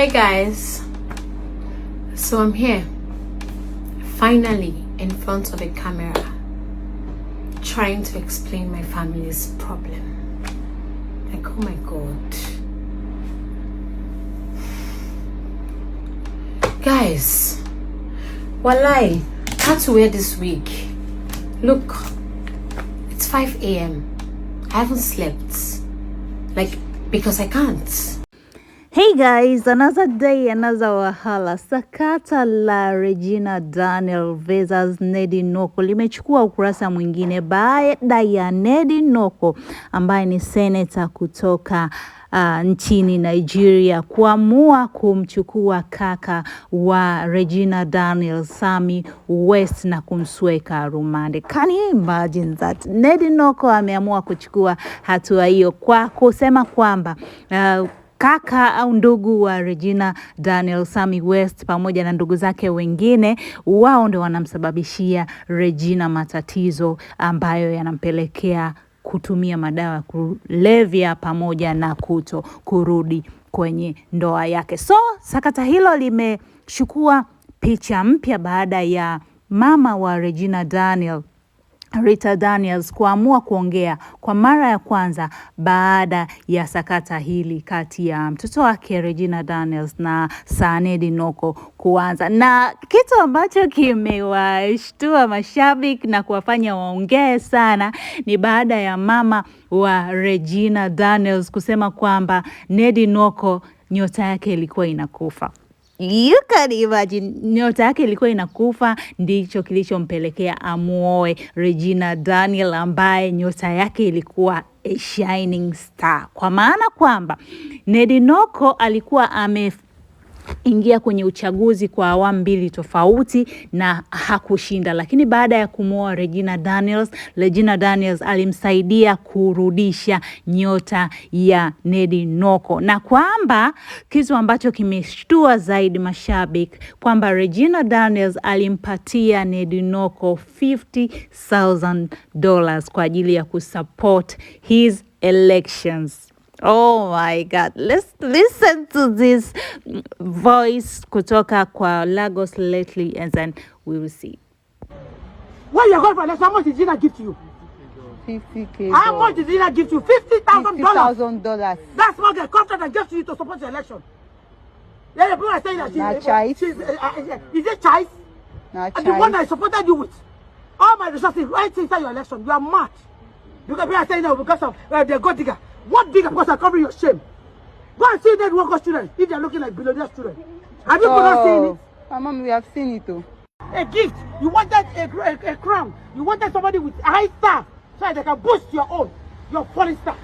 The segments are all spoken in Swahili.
Hey guys, so I'm here finally in front of a camera trying to explain my family's problem. Like, oh my god, guys, walai, had to wear this wig. Look, it's 5 a.m. I haven't slept, like, because I can't. Hey guys, another day, another wahala. Sakata la Regina Daniel versus Nedi Noko limechukua ukurasa mwingine baada ya Nedi Noko ambaye ni seneta kutoka Uh, nchini Nigeria kuamua kumchukua kaka wa Regina Daniel Sami West na kumsweka rumande. Can you imagine that? Nedi Noko ameamua kuchukua hatua hiyo kwa kusema kwamba uh, kaka au ndugu wa Regina Daniel Sami West pamoja na ndugu zake wengine, wao ndio wanamsababishia Regina matatizo ambayo yanampelekea kutumia madawa ya kulevya pamoja na kuto kurudi kwenye ndoa yake. So sakata hilo limechukua picha mpya baada ya mama wa Regina Daniel Rita Daniels kuamua kuongea kwa mara ya kwanza baada ya sakata hili kati ya mtoto wake Regina Daniels na Saanedi Noko kuanza, na kitu ambacho kimewashtua mashabiki na kuwafanya waongee sana ni baada ya mama wa Regina Daniels kusema kwamba Nedi Noko nyota yake ilikuwa inakufa. You can imagine, nyota yake ilikuwa inakufa, ndicho kilichompelekea amuoe Regina Daniel ambaye nyota yake ilikuwa a shining star, kwa maana kwamba Nedi Noko alikuwa ame ingia kwenye uchaguzi kwa awamu mbili tofauti na hakushinda, lakini baada ya kumwoa Regina Daniels, Regina Daniels alimsaidia kurudisha nyota ya Nedi Noko, na kwamba kitu ambacho kimeshtua zaidi mashabiki kwamba Regina Daniels alimpatia Nedi Noko 50000 dollars kwa ajili ya kusupport his elections. Oh my God. Let's listen to this voice kutoka kwa Lagos lately and then we will see. Where you going for election, how much did Gina give to you? 50k. How much did Gina give to you? $50,000. $50,000. That's what the contract gave to you to support the election. Yeah, the people are saying that she's, Na she's, she's uh, is it Chais? Na and Chais. the one that I supported you with. All my resources right inside your election. You are mad. Because people are saying that because of uh, the God digger. What bigger because I covering your shame? Go and see dead worker students if they are looking like billionaire students. Have you oh, not seen it? My mom, we have seen it though. A gift. You wanted a, a, a crown. You wanted somebody with a high star so that they can boost your own, your falling star.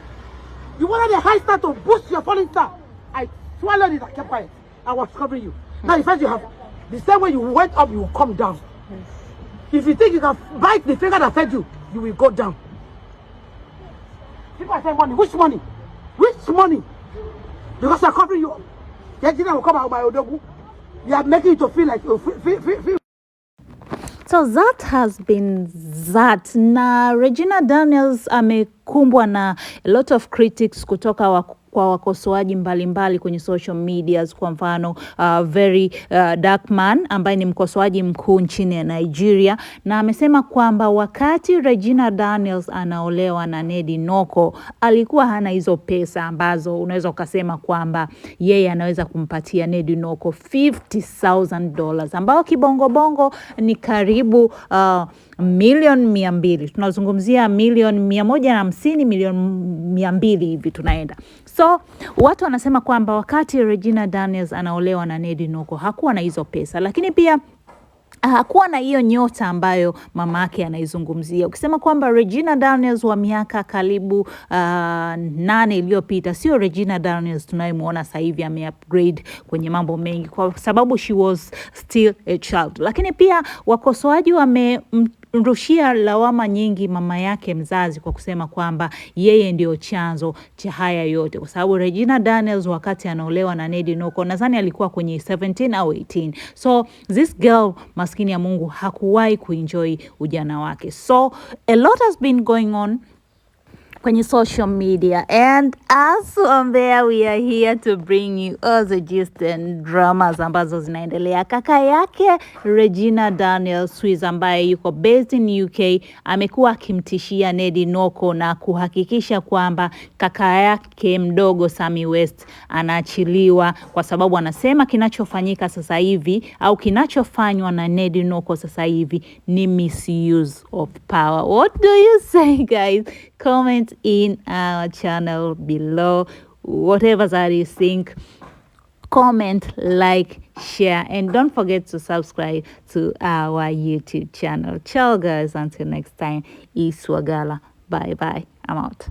You wanted a high star to boost your falling star. I swallowed it. I kept quiet. I was covering you. Now, first you have the same way you went up, you will come down. Yes. If you think you can bite the finger that fed you, you will go down. People are saying money. Which money? Which money? Because they're covering you. The engineer will come out by Odogu. You are making it to feel like you uh, feel, feel, feel. So that has been that, na Regina Daniels amekumbwa na a lot of critics kutoka wa kwa wakosoaji mbalimbali kwenye social medias, kwa mfano uh, Very uh, man ambaye ni mkosoaji mkuu nchini ya Nigeria, na amesema kwamba wakati Regina Daniels anaolewa na Nedi Noko alikuwa hana hizo pesa ambazo unaweza ukasema kwamba yeye anaweza kumpatia Nedi Noko $50,000 ambao kibongobongo ni karibu uh, milioni mia mbili tunazungumzia milioni mia moja na hamsini milioni mia mbili hivi tunaenda So watu wanasema kwamba wakati Regina Daniels anaolewa na Nedi Noko hakuwa na hizo pesa, lakini pia ah, hakuwa na hiyo nyota ambayo mama yake anaizungumzia. Ukisema kwamba Regina Daniels wa miaka karibu uh, nane iliyopita sio Regina Daniels tunayemwona sasa hivi, ameupgrade kwenye mambo mengi, kwa sababu she was still a child. Lakini pia wakosoaji wame alimrushia lawama nyingi mama yake mzazi kwa kusema kwamba yeye ndio chanzo cha haya yote, kwa sababu Regina Daniels wakati anaolewa na Nedi Noko nadhani alikuwa kwenye 17 au 18. So this girl maskini ya Mungu hakuwahi kuenjoy ujana wake. So a lot has been going on kwenye social media and as on there we are here to bring you all the gist and dramas ambazo zinaendelea. Kaka yake Regina Daniel Swiss ambaye yuko based in UK amekuwa akimtishia Nedi Noko na kuhakikisha kwamba kaka yake mdogo Sami West anaachiliwa, kwa sababu anasema kinachofanyika sasa hivi au kinachofanywa na Nedi Noko sasa hivi ni misuse of power. What do you say guys? Comment in our channel below whatever that you think comment like share and don't forget to subscribe to our youtube channel ciao guys until next time iswagala bye bye i'm out